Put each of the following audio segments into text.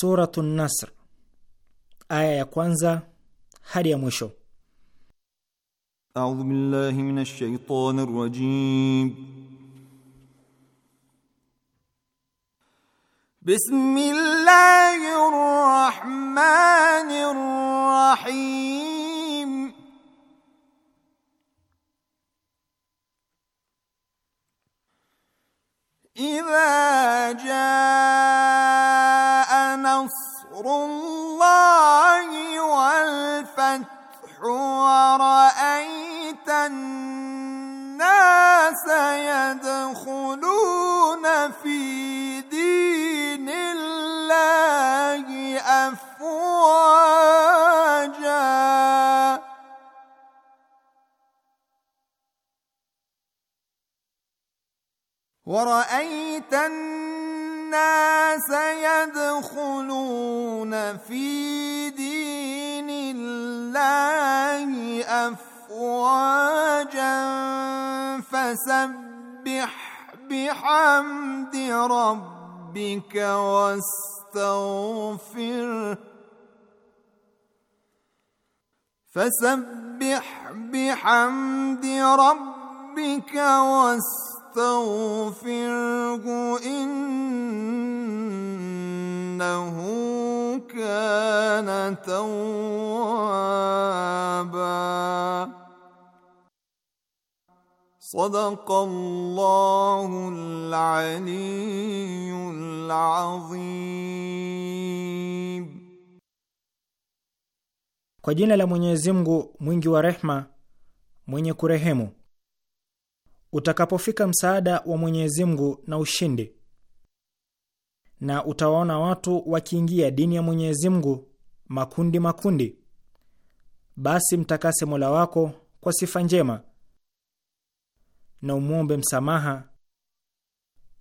Suratu Nasr aya ya kwanza hadi ya mwisho. A'udhu billahi minash shaitanir rajim. Bismillahir rahmanir rahim. Idha jaa نصر الله والفتح ورأيت الناس يدخلون في دين الله أفواجا ورأيت الناس الناس يدخلون في دين الله أفواجا فسبح بحمد ربك واستغفر فسبح بحمد ربك واستغفر فاستغفره كان توابا صدق الله العلي العظيم Kwa jina la Mwenyezi Mungu mwingi wa rehma mwenye kurehemu utakapofika msaada wa Mwenyezi Mungu na ushindi, na utawaona watu wakiingia dini ya Mwenyezi Mungu makundi makundi, basi mtakase Mola wako kwa sifa njema na umwombe msamaha,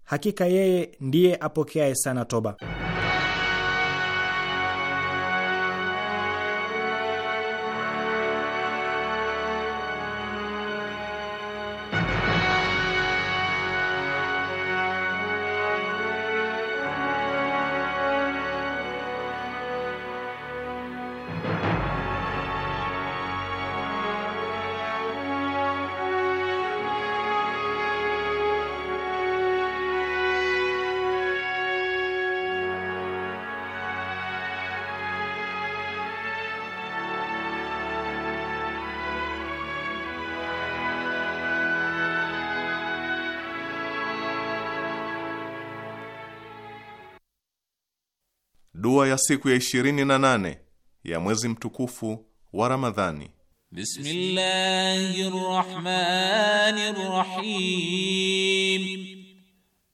hakika yeye ndiye apokeaye sana toba. siku ya ishirini na nane ya mwezi mtukufu wa Ramadhani. Bismillahir Rahmanir Rahim.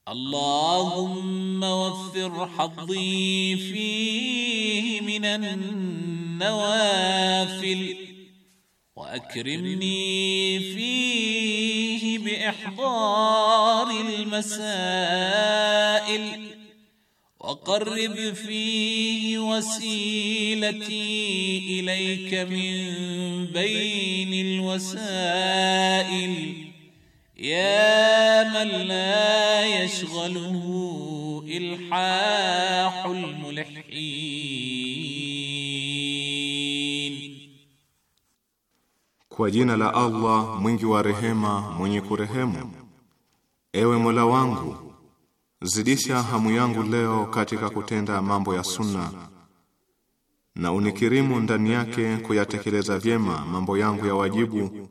Allahumma waffir haddi fi minan nawafil wa akrimni fihi bi ihdari al masail قرب فيه وسيلتي اليك من بين الوسائل يا من لا يشغله الحاح الملحين kwa jina la allah mwingi wa rehema mwenye kurehemu ewe mola wangu zidisha hamu yangu leo katika kutenda mambo ya sunna na unikirimu ndani yake kuyatekeleza vyema mambo yangu ya wajibu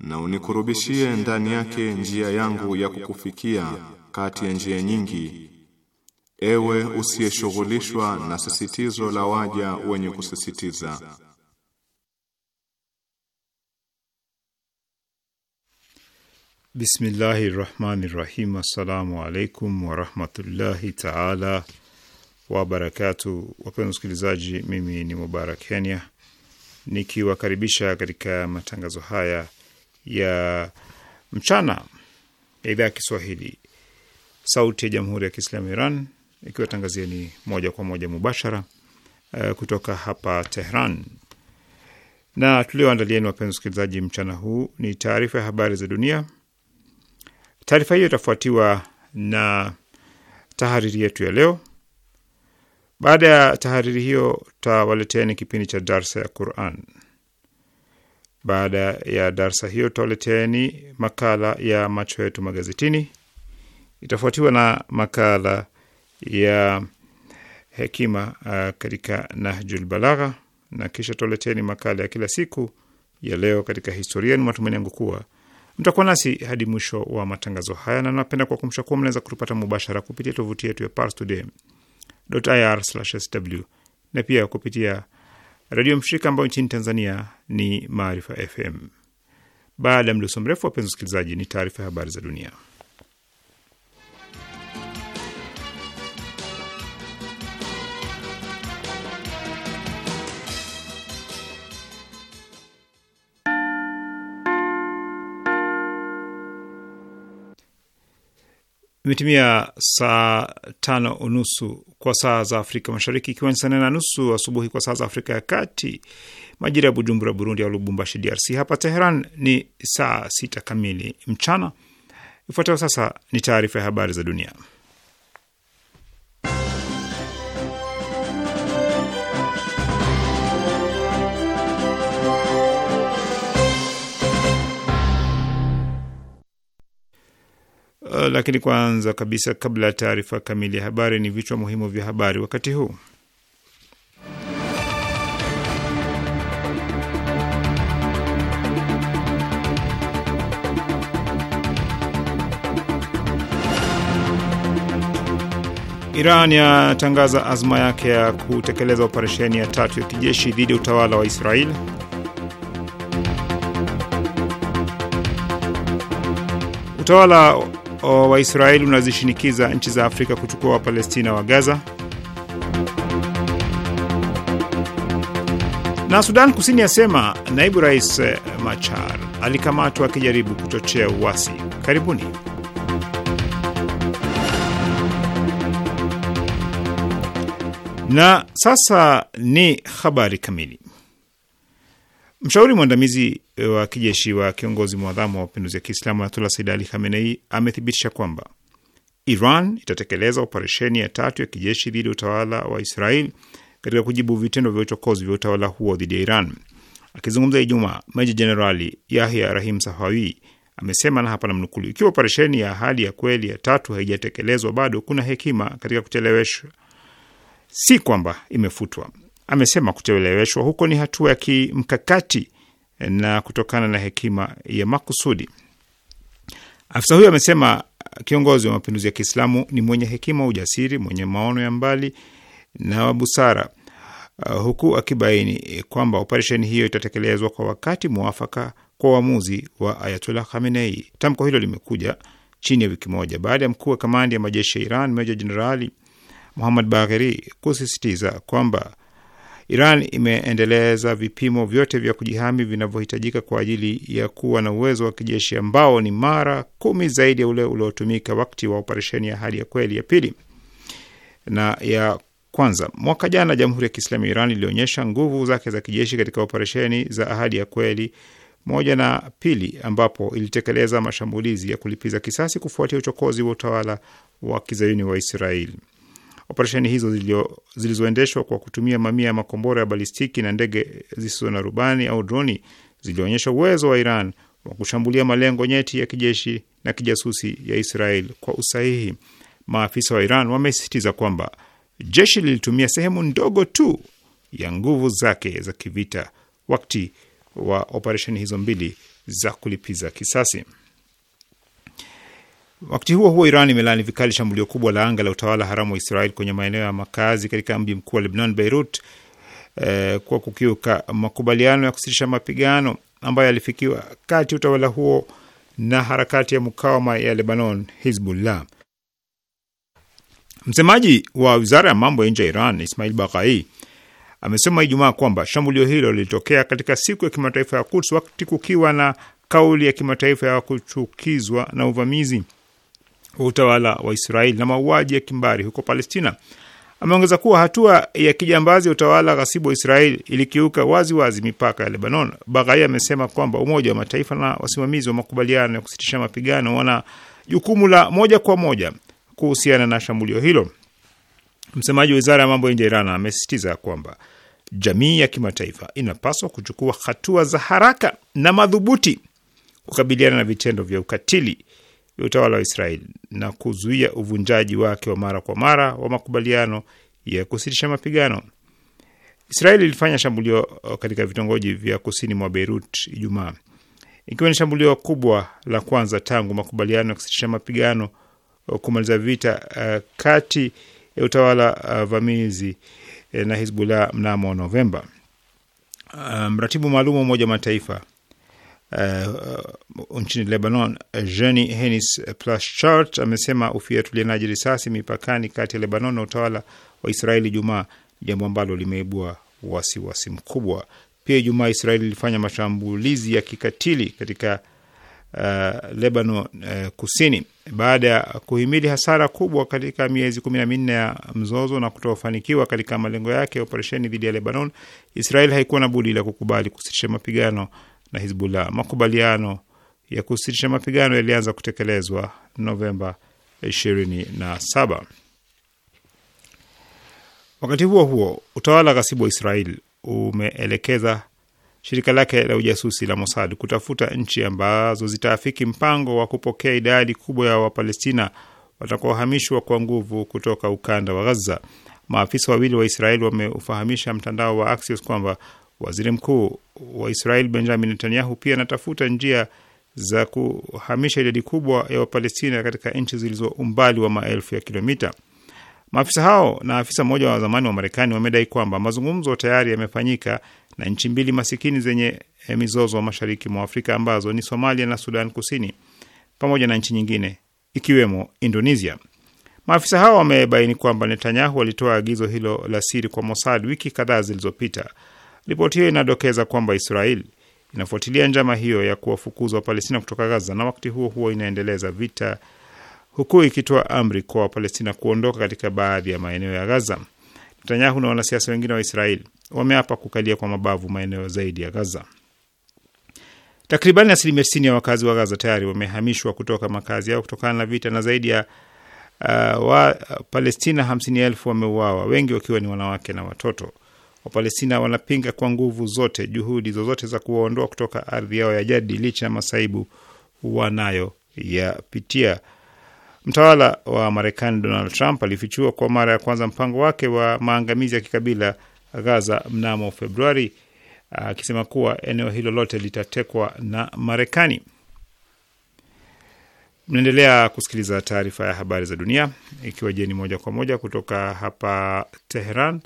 na unikurubishie ndani yake njia yangu ya kukufikia kati ya njia nyingi ewe usiyeshughulishwa na sisitizo la waja wenye kusisitiza Bismillahi rahmani rahim. Assalamu alaikum warahmatullahi taala wabarakatu. Wapenzi wasikilizaji, mimi ni Mubarak Kenya nikiwakaribisha katika matangazo haya ya mchana ya idhaa ya Kiswahili sauti ya jamhuri ya Kiislamu ya Iran tangazia ni moja kwa moja mubashara eh, kutoka hapa Tehran na tulioandalieni wapenzi wasikilizaji, mchana huu ni taarifa ya habari za dunia Taarifa hiyo itafuatiwa na tahariri yetu ya leo. Baada ya tahariri hiyo, tawaleteeni kipindi cha darsa ya Quran. Baada ya darsa hiyo, tawaleteeni makala ya macho yetu magazetini, itafuatiwa na makala ya hekima uh, katika Nahjul Balagha na kisha tawaleteeni makala ya kila siku ya leo katika historia. Ni matumaini yangu kuwa Mtakuwa nasi hadi mwisho wa matangazo haya, na napenda kuwakumbusha kuwa mnaweza kutupata mubashara kupitia tovuti yetu ya parstoday.ir/sw na pia kupitia redio mshirika ambayo nchini Tanzania ni Maarifa FM. Baada ya mdoso mrefu, wapenzi wasikilizaji, ni taarifa ya habari za dunia. Imetimia saa tano unusu kwa saa za Afrika Mashariki, ikiwa ni saa nane na nusu asubuhi kwa saa za Afrika ya Kati, majira ya Bujumbura, Burundi, au Lubumbashi, DRC. Hapa Teheran ni saa sita kamili mchana. Ifuatayo sasa ni taarifa ya habari za dunia. Eh, lakini kwanza kabisa, kabla ya taarifa kamili ya habari, ni vichwa muhimu vya habari wakati huu. Iran yatangaza azma yake ya kutekeleza operesheni ya tatu ya kijeshi dhidi ya utawala wa Israel. Utawala wa Israeli unazishinikiza nchi za Afrika kuchukua Wapalestina wa Gaza. Na Sudan Kusini yasema naibu rais eh, Machar alikamatwa akijaribu kuchochea uasi. Karibuni. Na sasa ni habari kamili. Mshauri mwandamizi eh, wa kijeshi wa kiongozi mwadhamu wa mapinduzi ya Kiislamu Ayatullah Sayyid Ali Khamenei amethibitisha kwamba Iran itatekeleza operesheni ya tatu ya kijeshi dhidi ya utawala wa Israel katika kujibu vitendo vya uchokozi vya utawala huo dhidi ya Iran. Akizungumza Ijumaa, Meja Jenerali Yahya Rahim Safawi amesema na hapa namnukuu, ikiwa operesheni ya hali ya kweli ya tatu haijatekelezwa bado, kuna hekima katika kucheleweshwa, si kwamba imefutwa amesema kucheleweshwa huko ni hatua ya kimkakati na kutokana na hekima ya makusudi. Afisa huyo amesema kiongozi wa mapinduzi ya Kiislamu ni mwenye hekima, ujasiri, mwenye maono ya mbali na wa busara, uh, huku akibaini kwamba operesheni hiyo itatekelezwa kwa wakati mwafaka kwa uamuzi wa Ayatollah Khamenei. Tamko hilo limekuja chini ya wiki moja baada ya mkuu wa kamandi ya majeshi ya Iran meja jenerali Muhammad Bagheri kusisitiza kwamba Iran imeendeleza vipimo vyote vya kujihami vinavyohitajika kwa ajili ya kuwa na uwezo wa kijeshi ambao ni mara kumi zaidi ya ule uliotumika wakati wa operesheni ya hali ya kweli ya pili na ya kwanza. Mwaka jana, Jamhuri ya Kiislamu ya Iran ilionyesha nguvu zake za kijeshi katika operesheni za ahadi ya kweli moja na pili, ambapo ilitekeleza mashambulizi ya kulipiza kisasi kufuatia uchokozi wa utawala wa kizayuni wa Israeli. Operesheni hizo zilizoendeshwa kwa kutumia mamia ya makombora ya balistiki na ndege zisizo na rubani au droni zilionyesha uwezo wa Iran wa kushambulia malengo nyeti ya kijeshi na kijasusi ya Israel kwa usahihi. Maafisa wa Iran wamesisitiza kwamba jeshi lilitumia sehemu ndogo tu ya nguvu zake za kivita wakati wa operesheni hizo mbili za kulipiza kisasi. Wakati huo huo, Iran imelaani vikali shambulio kubwa la anga la utawala haramu wa Israel kwenye maeneo ya makazi katika mji mkuu wa Lebanon, Beirut, eh, kwa kukiuka makubaliano ya kusitisha mapigano ambayo yalifikiwa kati ya utawala huo na harakati ya mukawama ya Lebanon, Hizbullah. Msemaji wa wizara ya mambo ya nje ya Iran, Ismail Baghai, amesema Ijumaa kwamba shambulio hilo lilitokea katika siku ya kimataifa ya Quds wakati kukiwa na kauli ya kimataifa ya kuchukizwa na uvamizi wa utawala wa Israeli na mauaji ya kimbari huko Palestina. Ameongeza kuwa hatua ya kijambazi ya utawala ghasibu wa Israeli ilikiuka waziwazi wazi mipaka ya Lebanon. Baghai amesema kwamba Umoja wa Mataifa na wasimamizi wa makubaliano ya kusitisha mapigano wana jukumu la moja kwa moja kuhusiana na shambulio hilo. Msemaji wa wizara ya mambo ya nje ya Iran amesisitiza kwamba jamii ya kimataifa inapaswa kuchukua hatua za haraka na madhubuti kukabiliana na vitendo vya ukatili ya utawala wa Israeli na kuzuia uvunjaji wake wa mara kwa mara wa makubaliano ya kusitisha mapigano. Israeli ilifanya shambulio uh, katika vitongoji vya kusini mwa Beirut Ijumaa, ikiwa ni shambulio kubwa la kwanza tangu makubaliano ya kusitisha mapigano uh, kumaliza vita uh, kati ya utawala uh, vamizi uh, na Hizbullah mnamo Novemba. Uh, mratibu um, maalum wa Umoja wa Mataifa uh, nchini Lebanon, Jeni Henis Plaschart amesema ufiatulianaji risasi mipakani kati ya Lebanon na utawala wa Israeli Jumaa, jambo ambalo limeibua wasiwasi mkubwa. Pia Ijumaa Israeli ilifanya mashambulizi ya kikatili katika uh, Lebanon uh, kusini baada ya kuhimili hasara kubwa katika miezi kumi na minne ya mzozo na kutofanikiwa katika malengo yake ya operesheni dhidi ya Lebanon, israel haikuwa na budi la kukubali kusitisha mapigano na Hizbullah. Makubaliano ya kusitisha mapigano yalianza kutekelezwa Novemba 27. Wakati huo huo, utawala ghasibu wa Israel umeelekeza shirika lake la ujasusi la Mossad kutafuta nchi ambazo zitaafiki mpango wa kupokea idadi kubwa ya Wapalestina watakaohamishwa kwa nguvu kutoka ukanda wa Gaza. Maafisa wawili wa Israeli wameufahamisha mtandao wa Axios kwamba Waziri mkuu wa Israel Benjamin Netanyahu pia anatafuta njia za kuhamisha idadi kubwa ya Wapalestina katika nchi zilizo umbali wa maelfu ya kilomita. Maafisa hao na afisa mmoja wa zamani wa Marekani wamedai kwamba mazungumzo tayari yamefanyika na nchi mbili masikini zenye mizozo mashariki mwa Afrika ambazo ni Somalia na Sudan Kusini, pamoja na nchi nyingine ikiwemo Indonesia. Maafisa hao wamebaini kwamba Netanyahu alitoa agizo hilo la siri kwa Mossad wiki kadhaa zilizopita. Ripoti hiyo inadokeza kwamba Israeli inafuatilia njama hiyo ya kuwafukuza Wapalestina kutoka Gaza na wakati huo huo inaendeleza vita huku ikitoa amri kwa Wapalestina kuondoka katika baadhi ya maeneo ya Gaza. Netanyahu na wanasiasa wengine wa Israeli wameapa kukalia kwa mabavu maeneo zaidi ya Gaza. takribani asilimia tisini ya wakazi wa Gaza tayari wamehamishwa kutoka makazi yao kutokana na vita na zaidi ya uh, wa Palestina hamsini elfu wameuawa, wengi wakiwa ni wanawake na watoto. Wapalestina wanapinga kwa nguvu zote juhudi zozote za kuwaondoa kutoka ardhi yao ya jadi licha ya masaibu wanayoyapitia. Mtawala wa Marekani Donald Trump alifichua kwa mara ya kwanza mpango wake wa maangamizi ya kikabila Gaza mnamo Februari, akisema kuwa eneo hilo lote litatekwa na Marekani. Mnaendelea kusikiliza taarifa ya habari za dunia, ikiwa jeni moja kwa moja kutoka hapa Teheran,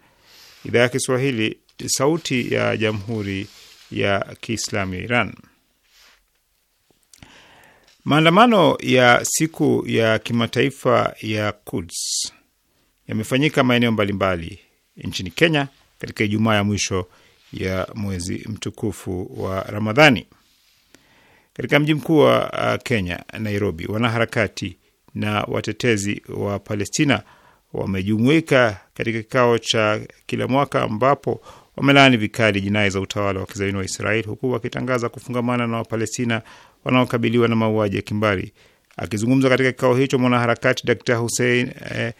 idhaa ya Kiswahili, sauti ya jamhuri ya kiislamu ya Iran. Maandamano ya siku ya kimataifa ya Quds yamefanyika maeneo mbalimbali nchini Kenya katika Ijumaa ya mwisho ya mwezi mtukufu wa Ramadhani. Katika mji mkuu wa uh, Kenya, Nairobi, wanaharakati na watetezi wa Palestina wamejumuika katika kikao cha kila mwaka ambapo wamelaani vikali jinai za utawala wa kizayuni wa Israeli huku wakitangaza kufungamana na Wapalestina wanaokabiliwa na mauaji ya kimbari. Akizungumza katika kikao hicho, mwanaharakati Dr. Hussein eh,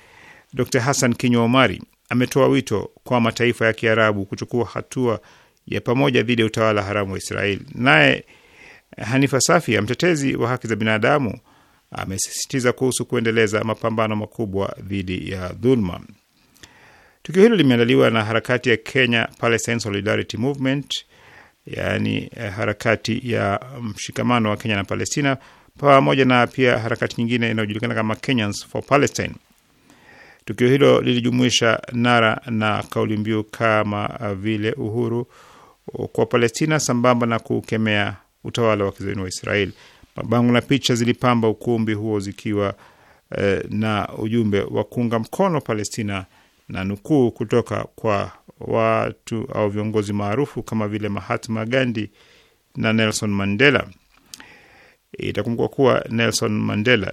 Dr. Hassan Kinywa Omari ametoa wito kwa mataifa ya Kiarabu kuchukua hatua ya pamoja dhidi ya utawala haramu wa Israeli. Naye Hanifa Safi, mtetezi wa haki za binadamu amesisitiza kuhusu kuendeleza mapambano makubwa dhidi ya dhuluma. Tukio hilo limeandaliwa na harakati ya Kenya Palestine Solidarity Movement, yaani eh, harakati ya mshikamano wa Kenya na Palestina, pamoja na pia harakati nyingine inayojulikana kama Kenyans for Palestine. Tukio hilo lilijumuisha nara na kauli mbiu kama vile uhuru kwa Palestina, sambamba na kukemea utawala wa kizayuni wa Israeli. Mabango na picha zilipamba ukumbi huo zikiwa eh, na ujumbe wa kuunga mkono Palestina na nukuu kutoka kwa watu au viongozi maarufu kama vile Mahatma Gandhi na Nelson Mandela. Itakumbukwa kuwa Nelson Mandela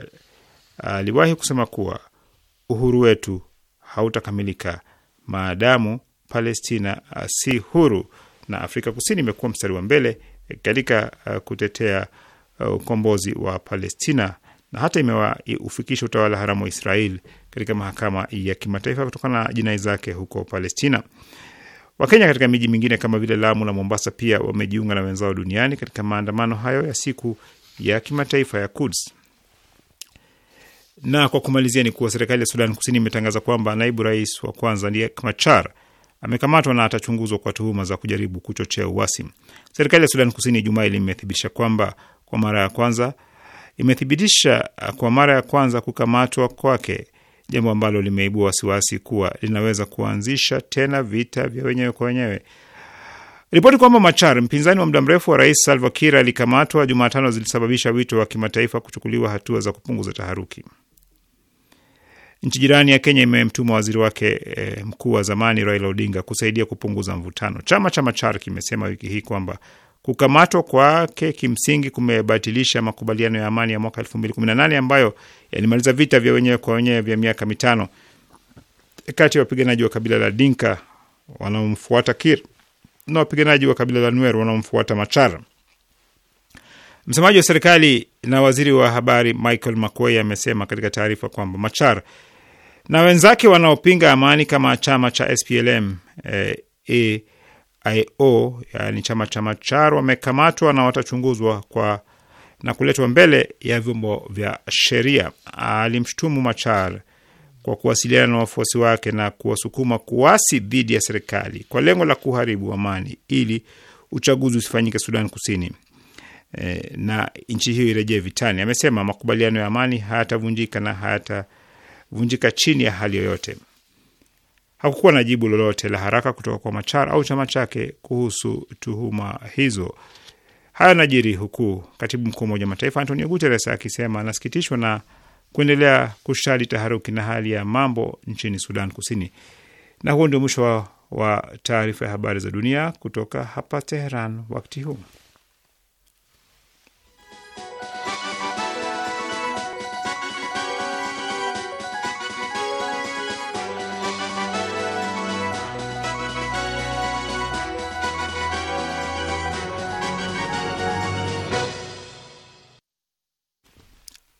aliwahi kusema kuwa uhuru wetu hautakamilika maadamu Palestina si huru, na Afrika Kusini imekuwa mstari wa mbele katika eh, kutetea Eh, ukombozi wa Palestina na hata imewaufikisha utawala haramu wa Israel katika mahakama ya kimataifa kutokana na jinai zake huko Palestina. Wakenya katika miji mingine kama vile Lamu na Mombasa pia wamejiunga na wenzao duniani katika maandamano hayo ya siku ya kimataifa ya Quds. Na kwa kumalizia ni kuwa serikali ya Sudan Kusini imetangaza kwamba naibu rais wa kwanza Riek Machar amekamatwa na atachunguzwa kwa tuhuma za kujaribu kuchochea uasi. Serikali ya Sudan Kusini Ijumaa ilimethibitisha kwamba kwa mara ya kwanza imethibitisha kwa mara ya kwanza kukamatwa kwake, jambo ambalo limeibua wasiwasi kuwa linaweza kuanzisha tena vita vya wenyewe kwa wenyewe. Ripoti kwamba Machar, mpinzani wa muda mrefu wa rais Salva Kiir, alikamatwa Jumatano zilisababisha wito wa kimataifa kuchukuliwa hatua za kupunguza taharuki. Nchi jirani ya Kenya imemtuma waziri wake e, mkuu wa zamani Raila Odinga kusaidia kupunguza mvutano. Chama cha Machar kimesema wiki hii kwamba kukamatwa kwake kimsingi kumebatilisha makubaliano ya amani ya mwaka 2018 ambayo yalimaliza vita vya wenyewe kwa wenyewe vya miaka mitano kati ya wapiganaji wa kabila la Dinka wanaomfuata Kir na wapiganaji wa kabila la Nuer wanaomfuata Machar. Msemaji wa serikali na waziri wa habari Michael Makuei amesema katika taarifa kwamba Machar na wenzake wanaopinga amani kama chama cha SPLM e, eh, AIO, chama cha Machar wamekamatwa na watachunguzwa kwa na kuletwa mbele ya vyombo vya sheria. Alimshutumu Machar kwa kuwasiliana na wafuasi wake na kuwasukuma kuasi dhidi ya serikali kwa lengo la kuharibu amani ili uchaguzi usifanyike Sudan Kusini e, na nchi hiyo irejee vitani. Amesema makubaliano ya amani hayatavunjika na hayata kuvunjika chini ya hali yoyote. Hakukuwa na jibu lolote la haraka kutoka kwa Machar au chama chake kuhusu tuhuma hizo. Haya najiri huku katibu mkuu wa Umoja Mataifa Antonio Guterres akisema anasikitishwa na kuendelea kushali taharuki na hali ya mambo nchini Sudan Kusini. Na huo ndio mwisho wa, wa taarifa ya habari za dunia kutoka hapa Teheran wakati huu.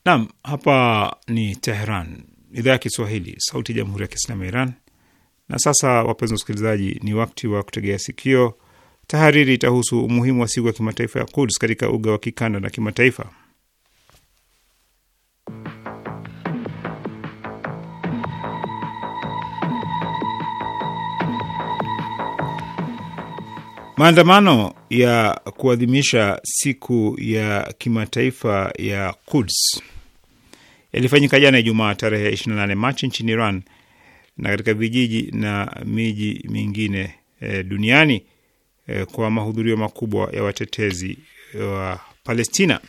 Naam, hapa ni Tehran, idhaa ya Kiswahili, sauti ya jamhuri ya kiislamu ya Iran. Na sasa, wapenzi wasikilizaji, ni wakati wa kutegea sikio. Tahariri itahusu umuhimu wa siku ya kimataifa ya Quds katika uga wa kikanda na kimataifa. Maandamano ya kuadhimisha siku ya kimataifa ya Quds yalifanyika jana Ijumaa tarehe 28 Machi nchini Iran na katika vijiji na miji mingine e, duniani e, kwa mahudhurio makubwa ya watetezi e, wa Palestina.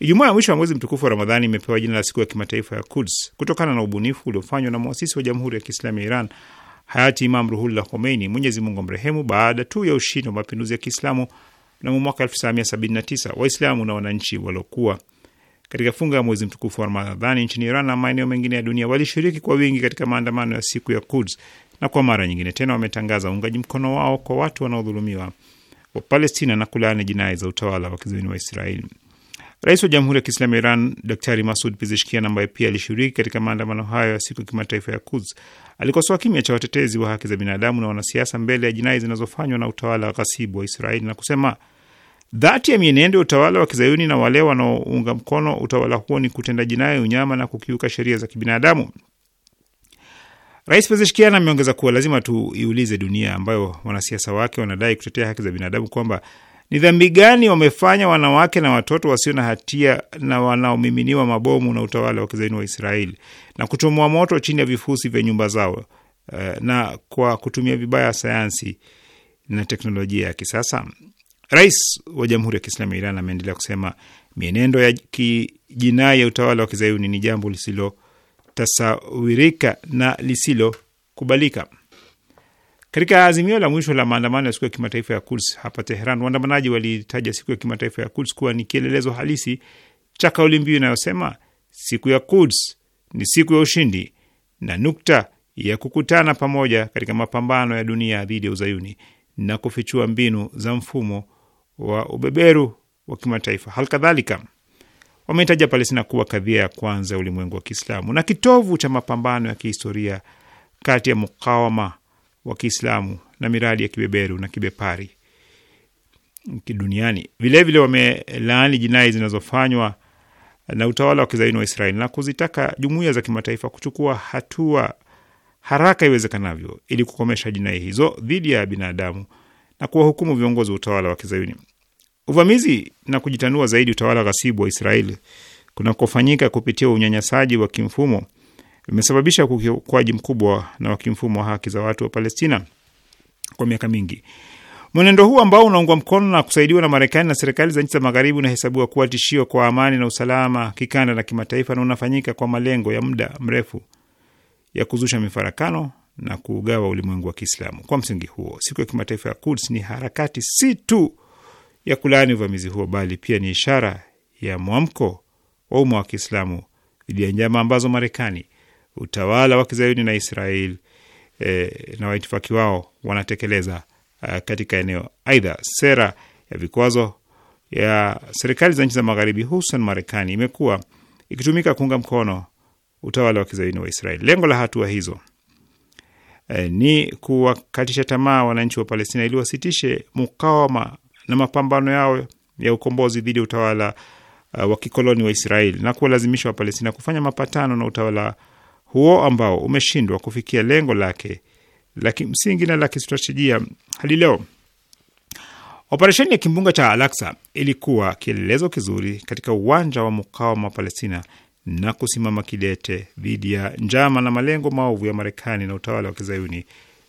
Ijumaa ya mwisho ya mwezi mtukufu wa Ramadhani imepewa jina la siku ya kimataifa ya Kuds kutokana na ubunifu uliofanywa na mwasisi wa Jamhuri ya Kiislamu ya Iran hayati Imam Ruhullah Khomeini, Mwenyezi Mungu amrehemu, baada tu ya ushindi wa mapinduzi ya Kiislamu mnamo mwaka 1979 Waislamu na wananchi waliokuwa katika funga ya mwezi mtukufu wa Ramadhani nchini Iran na maeneo mengine ya dunia walishiriki kwa wingi katika maandamano ya siku ya Quds na kwa mara nyingine tena wametangaza uungaji mkono wao kwa watu wanaodhulumiwa wa Palestina na kulaani jinai za utawala wa kizayuni wa Israeli. Rais wa Jamhuri ya Kiislamu ya Iran Daktari Masud Pezeshkian, ambaye pia alishiriki katika maandamano hayo ya siku ya kimataifa ya Quds, alikosoa kimya cha watetezi wa haki za binadamu na wanasiasa mbele ya jinai zinazofanywa na utawala wa ghasibu wa Israeli na kusema Dhati ya mienendo ya utawala wa kizayuni na wale wanaounga mkono utawala huo ni kutenda jinai, unyama na kukiuka sheria za kibinadamu. Rais Pezeshkian ameongeza kuwa lazima tuiulize dunia ambayo wanasiasa wake wanadai kutetea haki za binadamu kwamba ni dhambi gani wamefanya wanawake na watoto wasio na hatia na wanaomiminiwa mabomu na utawala wa kizaini wa Israeli na kuchomwa moto chini ya vifusi vya nyumba zao eh, na kwa kutumia vibaya sayansi na teknolojia ya kisasa. Rais wa Jamhuri ya Kiislamu ya Iran ameendelea kusema mienendo ya kijinai ya utawala wa kizayuni ni jambo lisilotasawirika na lisilokubalika. Katika azimio la mwisho la maandamano ya siku ya kimataifa ya Quds hapa Teheran, waandamanaji walitaja siku ya kimataifa ya Quds kuwa ni kielelezo halisi cha kauli mbiu inayosema siku ya Quds ni siku ya ushindi na nukta ya kukutana pamoja katika mapambano ya dunia dhidi ya uzayuni na kufichua mbinu za mfumo wa ubeberu wa kimataifa. kadhalika wametaja Palestina kuwa kadhia ya kwanza ulimwengu wa Kiislamu na kitovu cha mapambano ya kihistoria kati ya mukawama wa Kiislamu na miradi ya kibeberu na kibepari duniani. Vilevile wamelaani jinai zinazofanywa na utawala wa kizaini wa Israeli na kuzitaka jumuiya za kimataifa kuchukua hatua haraka iwezekanavyo ili kukomesha jinai hizo dhidi ya binadamu na kuwahukumu viongozi wa utawala wa Kizayuni. Uvamizi na kujitanua zaidi utawala ghasibu wa Israeli kunakofanyika kupitia unyanyasaji wa kimfumo vimesababisha ukiukwaji mkubwa na wa kimfumo wa haki za watu wa Palestina kwa miaka mingi. Mwenendo huu ambao unaungwa mkono na kusaidiwa na Marekani na serikali za nchi za Magharibi unahesabiwa kuwa tishio kwa amani na usalama kikanda na kimataifa, na unafanyika kwa malengo ya muda mrefu ya kuzusha mifarakano na kuugawa ulimwengu wa Kiislamu. Kwa msingi huo, siku ya kimataifa ya Quds ni harakati si tu ya kulaani uvamizi huo, bali pia ni ishara ya mwamko wa umma wa Kiislamu dhidi ya njama ambazo Marekani, utawala wa kizayuni na Israel eh, na waitifaki wao wanatekeleza uh, katika eneo. Aidha, sera ya vikwazo ya serikali za nchi za Magharibi, hususan Marekani, imekuwa ikitumika kuunga mkono utawala wa kizayuni wa Israel. Lengo la hatua hizo Eh, ni kuwakatisha tamaa wananchi wa Palestina ili wasitishe mukawama na mapambano yao ya ukombozi dhidi ya utawala uh, wa kikoloni wa Israeli na kuwalazimisha Wapalestina kufanya mapatano na utawala huo ambao umeshindwa kufikia lengo lake la kimsingi na la kistratejia hadi leo. Operesheni ya kimbunga cha Al-Aqsa ilikuwa kielelezo kizuri katika uwanja wa mukawama wa Palestina na kusimama kidete dhidi ya njama na malengo maovu ya Marekani na utawala wa kizayuni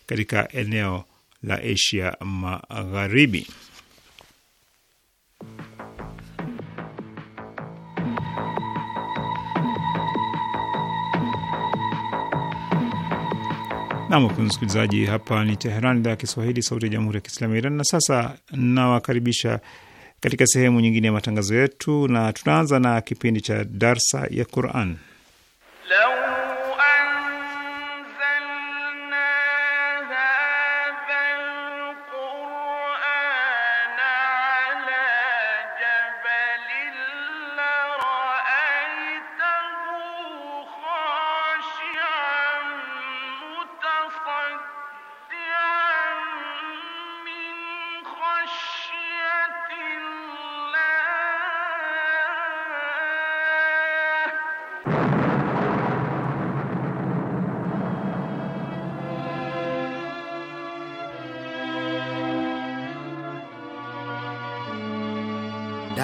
katika eneo la Asia Magharibi. nam Namwapenzi msikilizaji, hapa ni Teheran, idhaa ya Kiswahili, sauti ya jamhuri ya kiislamu ya Iran. Na sasa nawakaribisha katika sehemu nyingine ya matangazo yetu, na tunaanza na kipindi cha darsa ya Quran.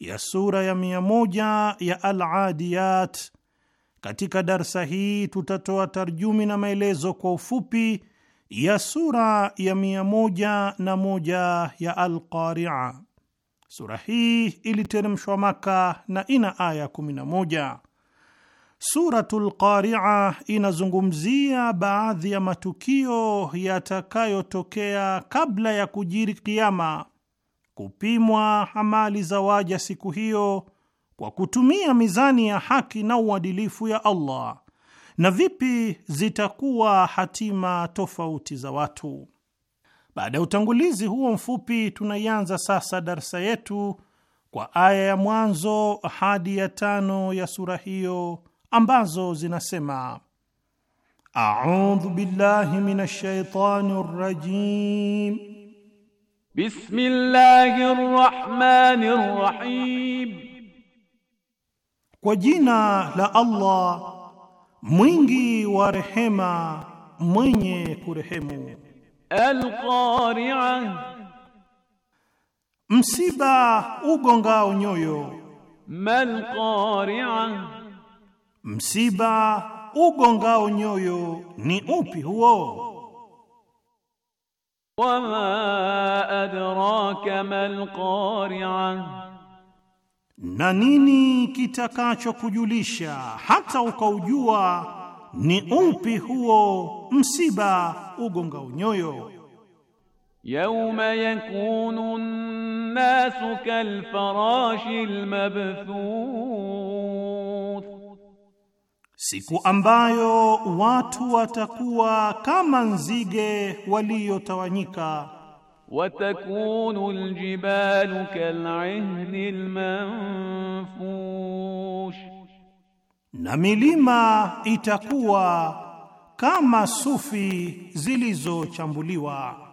ya sura ya mia moja ya Al-Adiyat. Katika darsa hii tutatoa tarjumi na maelezo kwa ufupi ya sura ya mia moja na moja ya Al-Qari'a. Sura hii iliteremshwa Maka na ina aya 11. Suratul Qari'a inazungumzia baadhi ya matukio yatakayotokea kabla ya kujiri kiama kupimwa amali za waja siku hiyo kwa kutumia mizani ya haki na uadilifu ya Allah, na vipi zitakuwa hatima tofauti za watu. Baada ya utangulizi huo mfupi, tunaianza sasa darsa yetu kwa aya ya mwanzo hadi ya tano ya sura hiyo ambazo zinasema: audhu billahi minash shaitani rrajim Bismillahir Rahmanir Rahim, kwa jina la Allah mwingi wa rehema mwenye kurehemu. Alqari'a, msiba ugongao nyoyo. qari'a. msiba ugongao nyoyo ni upi huo? وما أدراك ما القارعة na nini kitakachokujulisha hata ukaujua ni upi huo msiba ugongao nyoyo yauma yakunu nnasu kalfarashi lmabthuth siku ambayo watu watakuwa kama nzige waliotawanyika. Watakunu aljibalu kal'ihni almanfush, na milima itakuwa kama sufi zilizochambuliwa.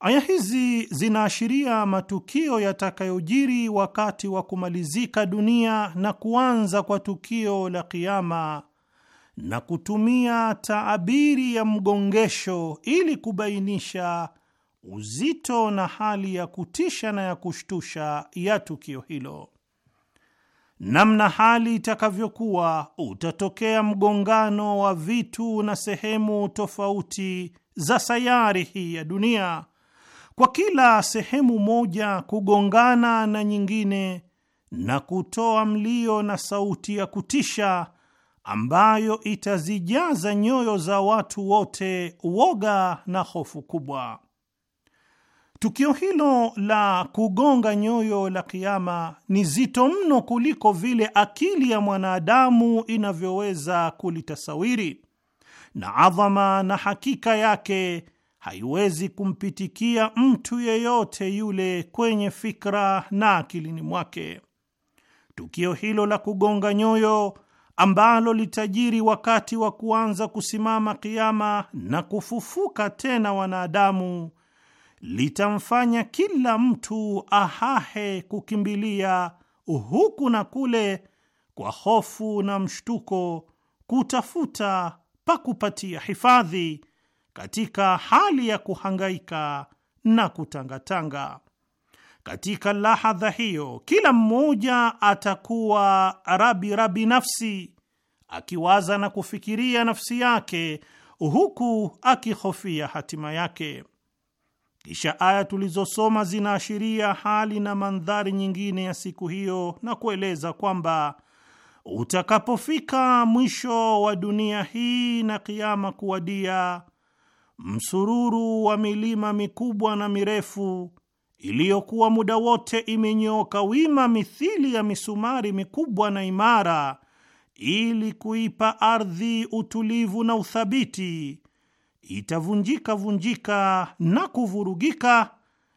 Aya hizi zinaashiria matukio yatakayojiri wakati wa kumalizika dunia na kuanza kwa tukio la Kiama, na kutumia taabiri ya mgongesho ili kubainisha uzito na hali ya kutisha na ya kushtusha ya tukio hilo. Namna hali itakavyokuwa, utatokea mgongano wa vitu na sehemu tofauti za sayari hii ya dunia kwa kila sehemu moja kugongana na nyingine na kutoa mlio na sauti ya kutisha ambayo itazijaza nyoyo za watu wote woga na hofu kubwa. Tukio hilo la kugonga nyoyo la Kiama ni zito mno kuliko vile akili ya mwanadamu inavyoweza kulitasawiri, na adhama na hakika yake haiwezi kumpitikia mtu yeyote yule kwenye fikra na akilini mwake. Tukio hilo la kugonga nyoyo ambalo litajiri wakati wa kuanza kusimama kiama na kufufuka tena wanadamu litamfanya kila mtu ahahe kukimbilia huku na kule kwa hofu na mshtuko, kutafuta pa kupatia hifadhi katika hali ya kuhangaika na kutangatanga. Katika lahadha hiyo, kila mmoja atakuwa rabi rabi nafsi, akiwaza na kufikiria nafsi yake, huku akihofia hatima yake. Kisha aya tulizosoma zinaashiria hali na mandhari nyingine ya siku hiyo na kueleza kwamba utakapofika mwisho wa dunia hii na kiama kuwadia msururu wa milima mikubwa na mirefu iliyokuwa muda wote imenyooka wima mithili ya misumari mikubwa na imara, ili kuipa ardhi utulivu na uthabiti, itavunjika vunjika na kuvurugika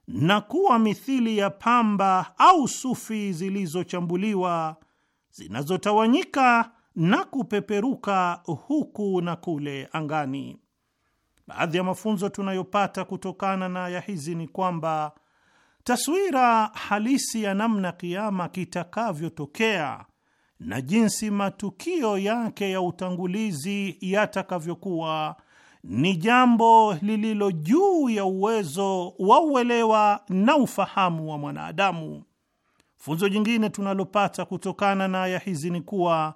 na kuwa mithili ya pamba au sufi zilizochambuliwa zinazotawanyika na kupeperuka huku na kule angani. Baadhi ya mafunzo tunayopata kutokana na aya hizi ni kwamba taswira halisi ya namna kiama kitakavyotokea na jinsi matukio yake ya utangulizi yatakavyokuwa ni jambo lililo juu ya uwezo wa uelewa na ufahamu wa mwanadamu. Funzo jingine tunalopata kutokana na aya hizi ni kuwa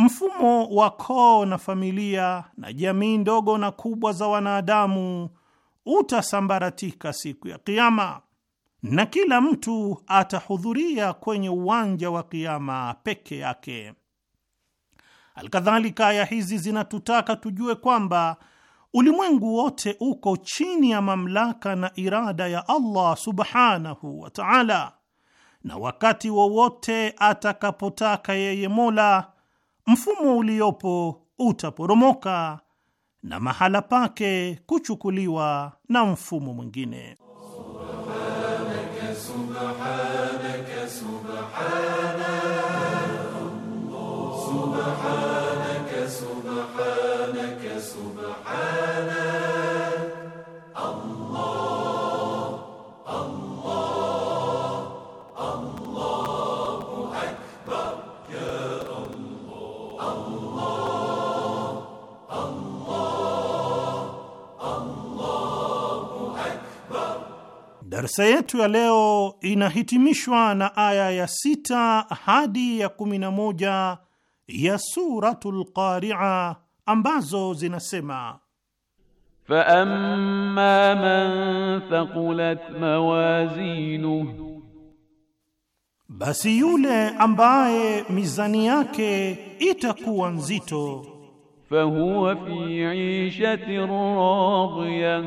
Mfumo wa koo na familia na jamii ndogo na kubwa za wanadamu utasambaratika siku ya Kiama, na kila mtu atahudhuria kwenye uwanja wa Kiama peke yake. Alkadhalika, aya hizi zinatutaka tujue kwamba ulimwengu wote uko chini ya mamlaka na irada ya Allah subhanahu wa taala, na wakati wowote atakapotaka yeye Mola mfumo uliopo utaporomoka na mahala pake kuchukuliwa na mfumo mwingine. Darsa yetu ya leo inahitimishwa na aya ya sita hadi ya kumi na moja ya Suratul Qaria ambazo zinasema faamma man thaqulat mawazinu, basi yule ambaye mizani yake itakuwa nzito. Fahuwa fi ishati radhiya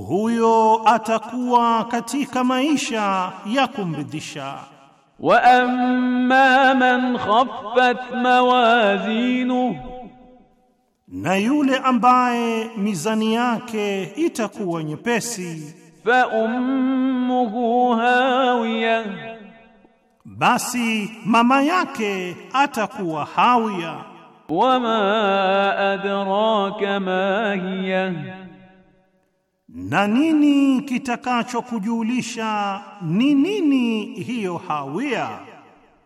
huyo atakuwa katika maisha ya kumridhisha. Wa amma man khaffat mawazinu, na yule ambaye mizani yake itakuwa nyepesi. Fa ummuhu hawiya, basi mama yake atakuwa hawiya. Wama adraka ma hiya na nini kitakachokujulisha ni nini hiyo hawia?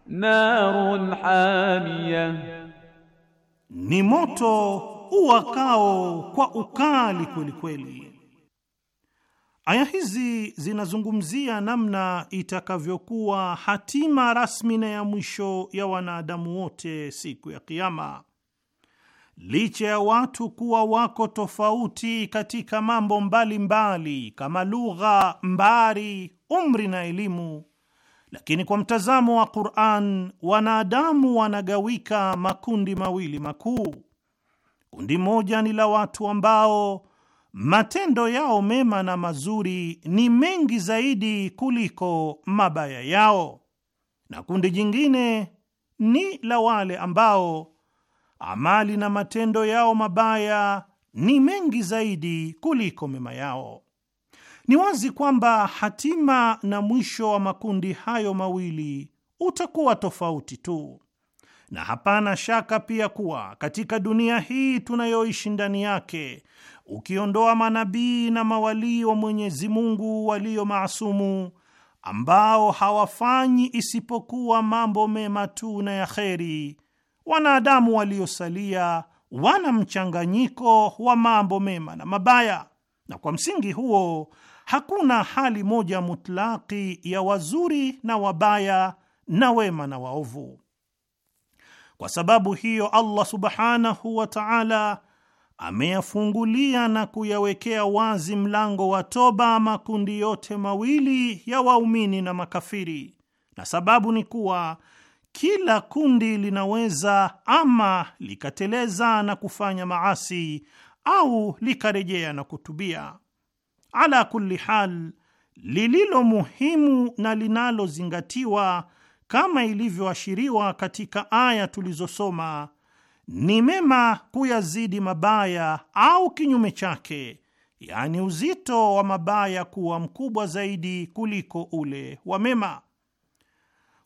Narun hamia, ni moto uwakao kwa ukali kweli kweli. Aya hizi zinazungumzia namna itakavyokuwa hatima rasmi na ya mwisho ya wanadamu wote siku ya kiama licha ya watu kuwa wako tofauti katika mambo mbalimbali mbali, kama lugha, mbari, umri na elimu, lakini kwa mtazamo wa Qur'an wanadamu wanagawika makundi mawili makuu. Kundi moja ni la watu ambao matendo yao mema na mazuri ni mengi zaidi kuliko mabaya yao, na kundi jingine ni la wale ambao amali na matendo yao mabaya ni mengi zaidi kuliko mema yao. Ni wazi kwamba hatima na mwisho wa makundi hayo mawili utakuwa tofauti tu, na hapana shaka pia kuwa katika dunia hii tunayoishi ndani yake, ukiondoa manabii na mawalii wa Mwenyezi Mungu walio maasumu ambao hawafanyi isipokuwa mambo mema tu na ya kheri wanadamu waliosalia wana mchanganyiko wa mambo mema na mabaya, na kwa msingi huo hakuna hali moja mutlaki ya wazuri na wabaya na wema na waovu. Kwa sababu hiyo, Allah subhanahu wa ta'ala ameyafungulia na kuyawekea wazi mlango wa toba makundi yote mawili ya waumini na makafiri, na sababu ni kuwa kila kundi linaweza ama likateleza na kufanya maasi au likarejea na kutubia. Ala kulli hal, lililo muhimu na linalozingatiwa kama ilivyoashiriwa katika aya tulizosoma ni mema kuyazidi mabaya au kinyume chake, yaani uzito wa mabaya kuwa mkubwa zaidi kuliko ule wa mema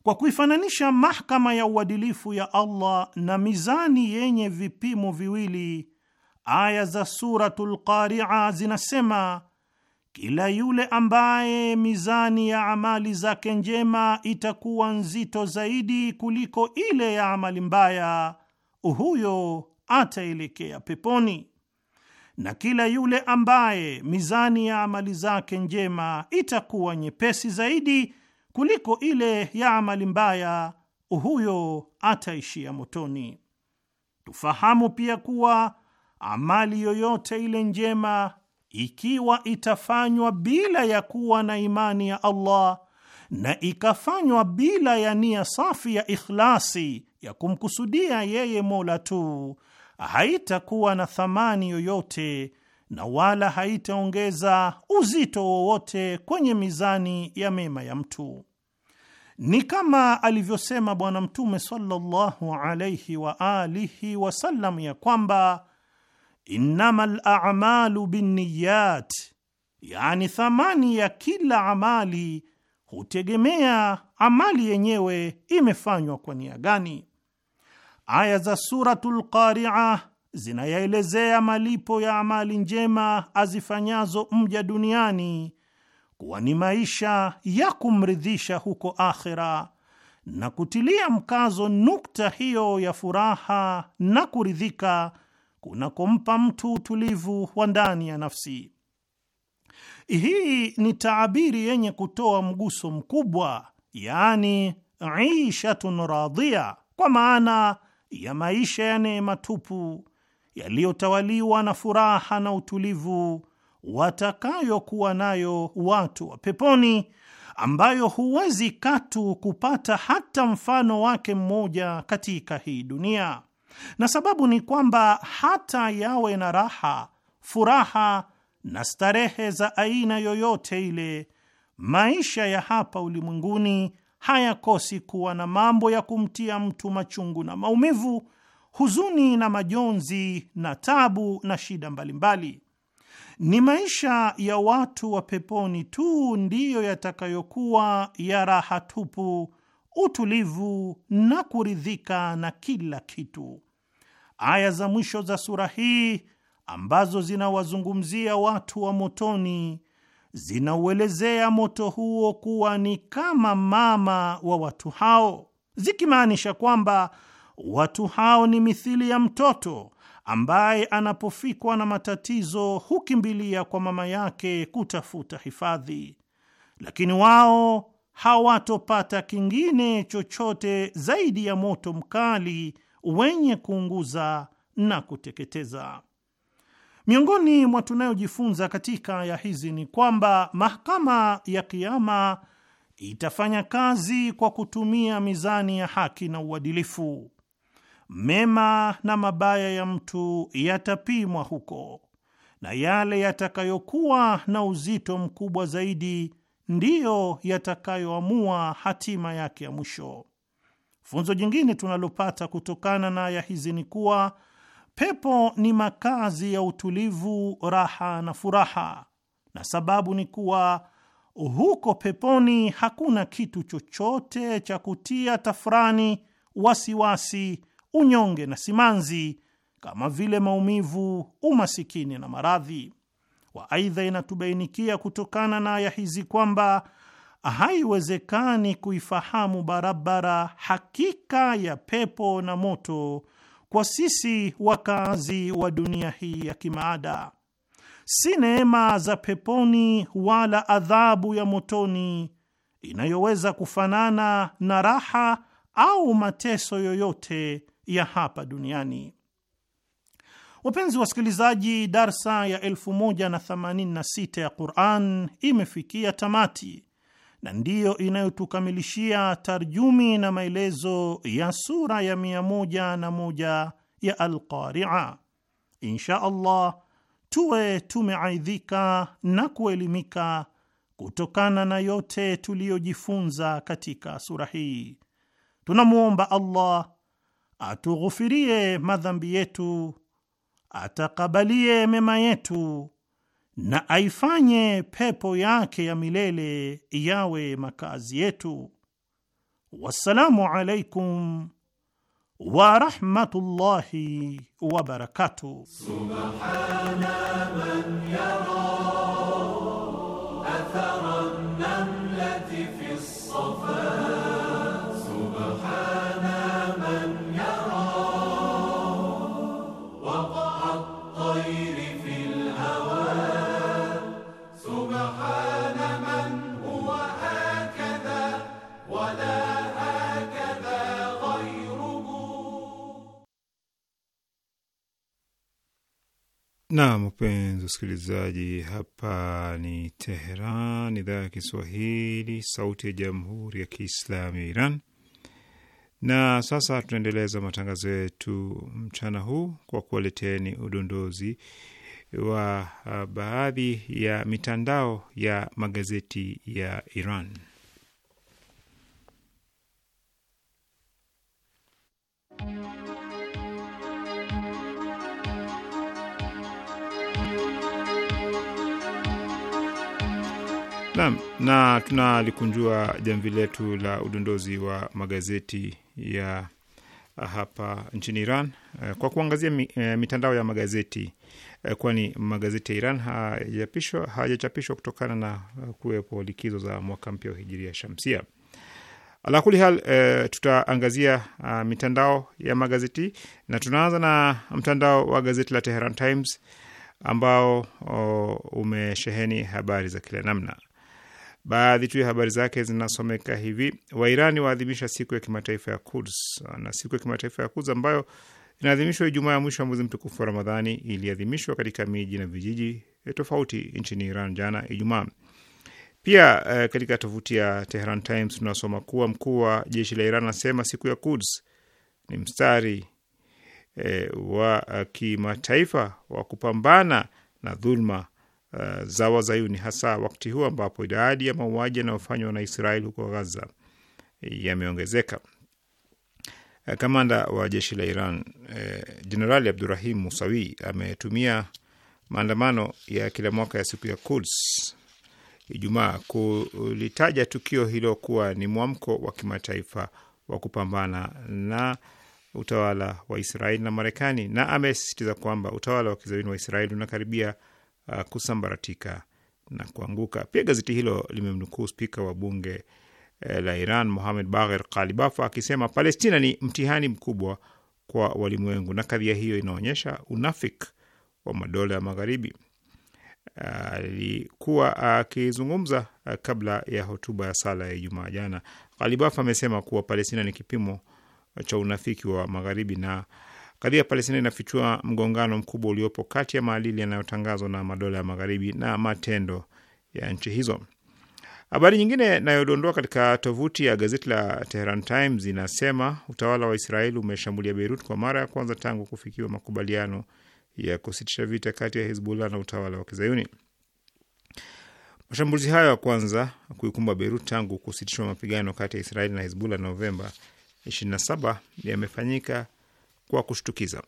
kwa kuifananisha mahakama ya uadilifu ya Allah na mizani yenye vipimo viwili, aya za Suratul Qaria zinasema kila yule ambaye mizani ya amali zake njema itakuwa nzito zaidi kuliko ile ya amali mbaya, huyo ataelekea peponi, na kila yule ambaye mizani ya amali zake njema itakuwa nyepesi zaidi kuliko ile ya amali mbaya, huyo ataishia motoni. Tufahamu pia kuwa amali yoyote ile njema ikiwa itafanywa bila ya kuwa na imani ya Allah na ikafanywa bila ya nia safi ya ikhlasi ya kumkusudia yeye Mola tu haitakuwa na thamani yoyote na wala haitaongeza uzito wowote kwenye mizani ya mema ya mtu. Ni kama alivyosema Bwana Mtume sallallahu alayhi wa alihi wasallam ya kwamba innama lamalu binniyat, yani thamani ya kila amali hutegemea amali yenyewe imefanywa kwa nia gani. Aya za Suratul Qari'ah zinayaelezea malipo ya amali njema azifanyazo mja duniani kuwa ni maisha ya kumridhisha huko akhera, na kutilia mkazo nukta hiyo ya furaha na kuridhika kunakompa mtu utulivu wa ndani ya nafsi. Hii ni taabiri yenye kutoa mguso mkubwa, yaani ishatun radhia, kwa maana ya maisha ya neema tupu yaliyotawaliwa na furaha na utulivu watakayokuwa nayo watu wa peponi, ambayo huwezi katu kupata hata mfano wake mmoja katika hii dunia. Na sababu ni kwamba hata yawe na raha, furaha na starehe za aina yoyote ile, maisha ya hapa ulimwenguni hayakosi kuwa na mambo ya kumtia mtu machungu na maumivu huzuni na majonzi na tabu na shida mbalimbali. Ni maisha ya watu wa peponi tu ndiyo yatakayokuwa ya raha tupu, utulivu na kuridhika na kila kitu. Aya za mwisho za sura hii ambazo zinawazungumzia watu wa motoni zinauelezea moto huo kuwa ni kama mama wa watu hao, zikimaanisha kwamba watu hao ni mithili ya mtoto ambaye anapofikwa na matatizo hukimbilia kwa mama yake kutafuta hifadhi, lakini wao hawatopata kingine chochote zaidi ya moto mkali wenye kuunguza na kuteketeza. Miongoni mwa tunayojifunza katika aya hizi ni kwamba mahakama ya Kiama itafanya kazi kwa kutumia mizani ya haki na uadilifu mema na mabaya ya mtu yatapimwa huko, na yale yatakayokuwa na uzito mkubwa zaidi ndiyo yatakayoamua hatima yake ya mwisho. Funzo jingine tunalopata kutokana na aya hizi ni kuwa pepo ni makazi ya utulivu, raha na furaha, na sababu ni kuwa huko peponi hakuna kitu chochote cha kutia tafurani wasiwasi unyonge na simanzi kama vile maumivu, umasikini na maradhi. wa Aidha, inatubainikia kutokana na aya hizi kwamba haiwezekani kuifahamu barabara hakika ya pepo na moto kwa sisi wakazi wa dunia hii ya kimaada. Si neema za peponi wala adhabu ya motoni inayoweza kufanana na raha au mateso yoyote ya hapa duniani. Wapenzi wasikilizaji, darsa ya 1086 ya Quran imefikia tamati na ndiyo inayotukamilishia tarjumi na maelezo ya sura ya 101 ya Alqaria. Insha Allah tuwe tumeaidhika na kuelimika kutokana na yote tuliyojifunza katika sura hii. Tunamwomba Allah atughufirie madhambi yetu, atakabalie mema yetu na aifanye pepo yake ya milele yawe makazi yetu. Wassalamu alaikum wa rahmatullahi wa barakatuh. Naam, mpenzi usikilizaji, hapa ni Teheran, idhaa ya Kiswahili, sauti ya jamhuri ya kiislamu ya Iran. Na sasa tunaendeleza matangazo yetu mchana huu kwa kuwaleteni udondozi wa ah, baadhi ya mitandao ya magazeti ya Iran. na, na tunalikunjua jamvi letu la udondozi wa magazeti ya ah, hapa nchini Iran eh, kwa kuangazia eh, mitandao ya magazeti, eh, kwani magazeti ya Iran hayajachapishwa kutokana na kuwepo likizo za mwaka mpya wa hijiria shamsia. kuli hal tutaangazia ah, mitandao ya magazeti na tunaanza na mtandao wa gazeti la Teheran Times ambao oh, umesheheni habari za kila namna. Baadhi tu ya habari zake zinasomeka hivi: Wairani waadhimisha siku ya kimataifa ya Quds. Na siku ya kimataifa ya Quds ambayo inaadhimishwa Ijumaa ya mwisho wa mwezi mtukufu wa Ramadhani iliadhimishwa katika miji na vijiji tofauti nchini Iran jana Ijumaa. Pia uh, katika tovuti ya Tehran Times tunasoma kuwa mkuu wa jeshi la Iran anasema siku ya Quds ni mstari eh, wa eh, kimataifa wa kupambana na dhulma Eh, za Wazayuni, hasa wakati huu ambapo idadi ya mauaji yanayofanywa na Israeli huko Gaza yameongezeka. Eh, kamanda wa jeshi la Iran eh, Jenerali Abdurahim Musawi ametumia maandamano ya kila mwaka ya siku ya Quds Ijumaa kulitaja tukio hilo kuwa ni mwamko wa kimataifa wa kupambana na utawala wa Israeli na Marekani, na amesisitiza kwamba utawala wa kizayuni wa Israeli unakaribia Uh, kusambaratika na kuanguka. Pia gazeti hilo limemnukuu spika wa bunge eh, la Iran Mohamed Bagher Kalibaf akisema Palestina ni mtihani mkubwa kwa walimwengu na kadhia hiyo inaonyesha unafiki wa madola ya Magharibi. Alikuwa akizungumza eh, kabla ya hotuba ya sala ya Ijumaa jana. Ghalibaf amesema kuwa Palestina ni kipimo cha unafiki wa Magharibi na Kadhia ya Palestina inafichua mgongano mkubwa uliopo kati ya maadili yanayotangazwa na madola ya magharibi na matendo ya nchi hizo. Habari nyingine inayodondoa katika tovuti ya gazeti la Tehran Times inasema utawala wa Israeli umeshambulia Beirut kwa mara ya kwanza tangu kufikiwa makubaliano ya kusitisha vita kati ya Hizbullah na utawala wa Kizayuni. Mashambulizi hayo ya kwanza kuikumba Beirut tangu kusitishwa mapigano kati ya Israeli na Hizbullah Novemba 27 yamefanyika kwa kushtukiza.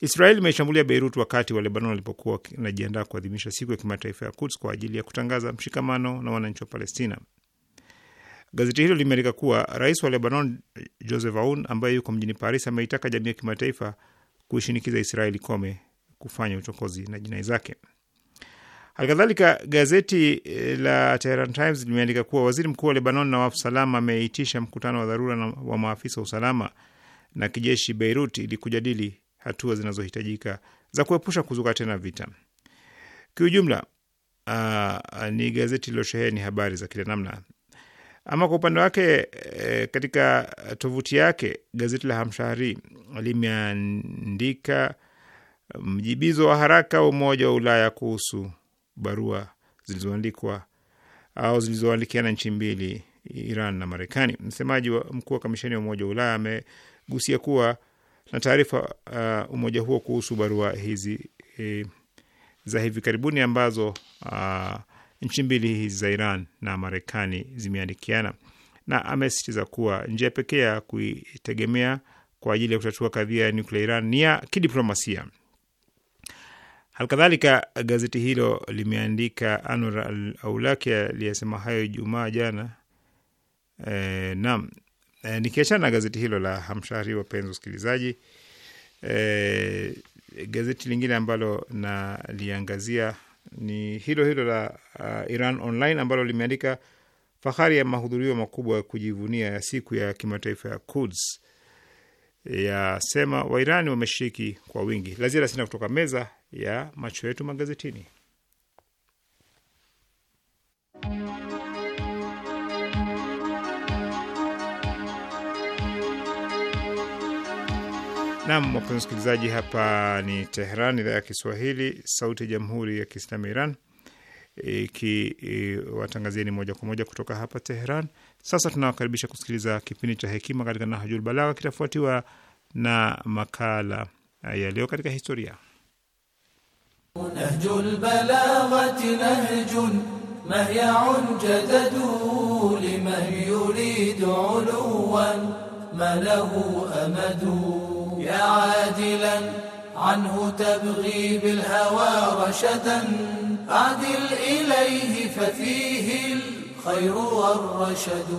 Israel imeshambulia Beirut wakati wa Lebanon walipokuwa wanajiandaa kuadhimisha siku ya kimataifa ya Quds kwa ajili ya kutangaza mshikamano na wananchi wa Palestina. Gazeti hilo limeandika kuwa rais wa Lebanon Joseph Aoun, ambaye yuko mjini Paris, ameitaka jamii ya kimataifa kuishinikiza Israel kome kufanya uchokozi na jinai zake. Halikadhalika, gazeti eh, la Tehran Times limeandika kuwa waziri mkuu wa Lebanon Nawaf Salam ameitisha mkutano wa dharura wa maafisa wa usalama na kijeshi Beirut ili kujadili hatua zinazohitajika za kuepusha kuzuka tena vita. Kiujumla uh, ni gazeti lilosheheni habari za kila namna. Ama kwa upande wake e, katika tovuti yake gazeti la Hamshahari limeandika mjibizo wa haraka wa Umoja wa Ulaya kuhusu barua zilizoandikwa au zilizoandikiana nchi mbili, Iran na Marekani. Msemaji mkuu wa kamisheni ya Umoja wa Ulaya ame gusia kuwa na taarifa uh, umoja huo kuhusu barua hizi e, za hivi karibuni ambazo uh, nchi mbili hizi za Iran na Marekani zimeandikiana, na amesisitiza kuwa njia pekee ya kuitegemea kwa ajili ya kutatua kadhia ya nuklia Iran ni ya kidiplomasia. Halikadhalika, gazeti hilo limeandika Anwar al-Awlaki aliyesema hayo Ijumaa jana e, eh, nam E, nikiachana na gazeti hilo la Hamshari, wapenzi wasikilizaji, e, gazeti lingine ambalo naliangazia ni hilo hilo la uh, Iran Online ambalo limeandika fahari ya mahudhurio makubwa ya kujivunia ya siku ya kimataifa ya Quds yasema Wairani wameshiriki kwa wingi. La ziada sina kutoka meza ya macho yetu magazetini. Nam, wapenzi msikilizaji, hapa ni Tehran, idhaa ya Kiswahili, sauti ya jamhuri ya kiislamu ya Iran ikiwatangazia e, ni moja kwa moja kutoka hapa Tehran. Sasa tunawakaribisha kusikiliza kipindi cha hekima katika Nahjul Balagha, kitafuatiwa na makala ya leo katika historia. Nahjul Balaghati nahjun mahyaun jadadu liman yuridu uluwan malahu amadu يا عادلا عنه تبغي بالهوى رشدا أعدل إليه ففيه الخير والرشد